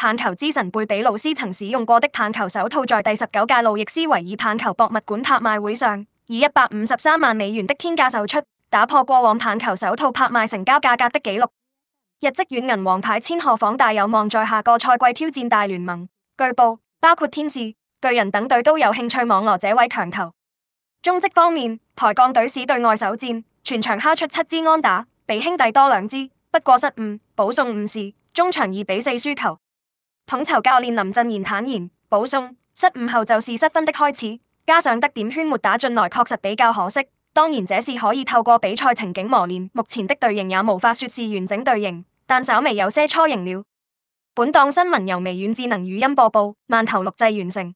棒球之神貝比魯斯曾使用過的棒球手套，在第十九屆路易斯維爾棒球博物館拍賣會上以一百五十三萬美元的天價售出，打破過往棒球手套拍賣成交價格的紀錄。日職軟銀王牌千賀滉大有望在下個賽季挑戰大聯盟，據報包括天使、巨人等隊都有興趣網羅這位強投。中職方面，台鋼隊史對外首戰全場敲出七支安打，比兄弟多兩支，不過失誤、保送五次，中場二比四輸球。統籌教練林振賢坦言，保送失誤後就是失分的開始，加上得點圈沒打進來，確實比較可惜。當然，這是可以透過比賽情景磨練。目前的隊形也無法說是完整隊形，但稍微有些雛形了。本檔新聞由微軟智能語音播報，慢投錄製完成。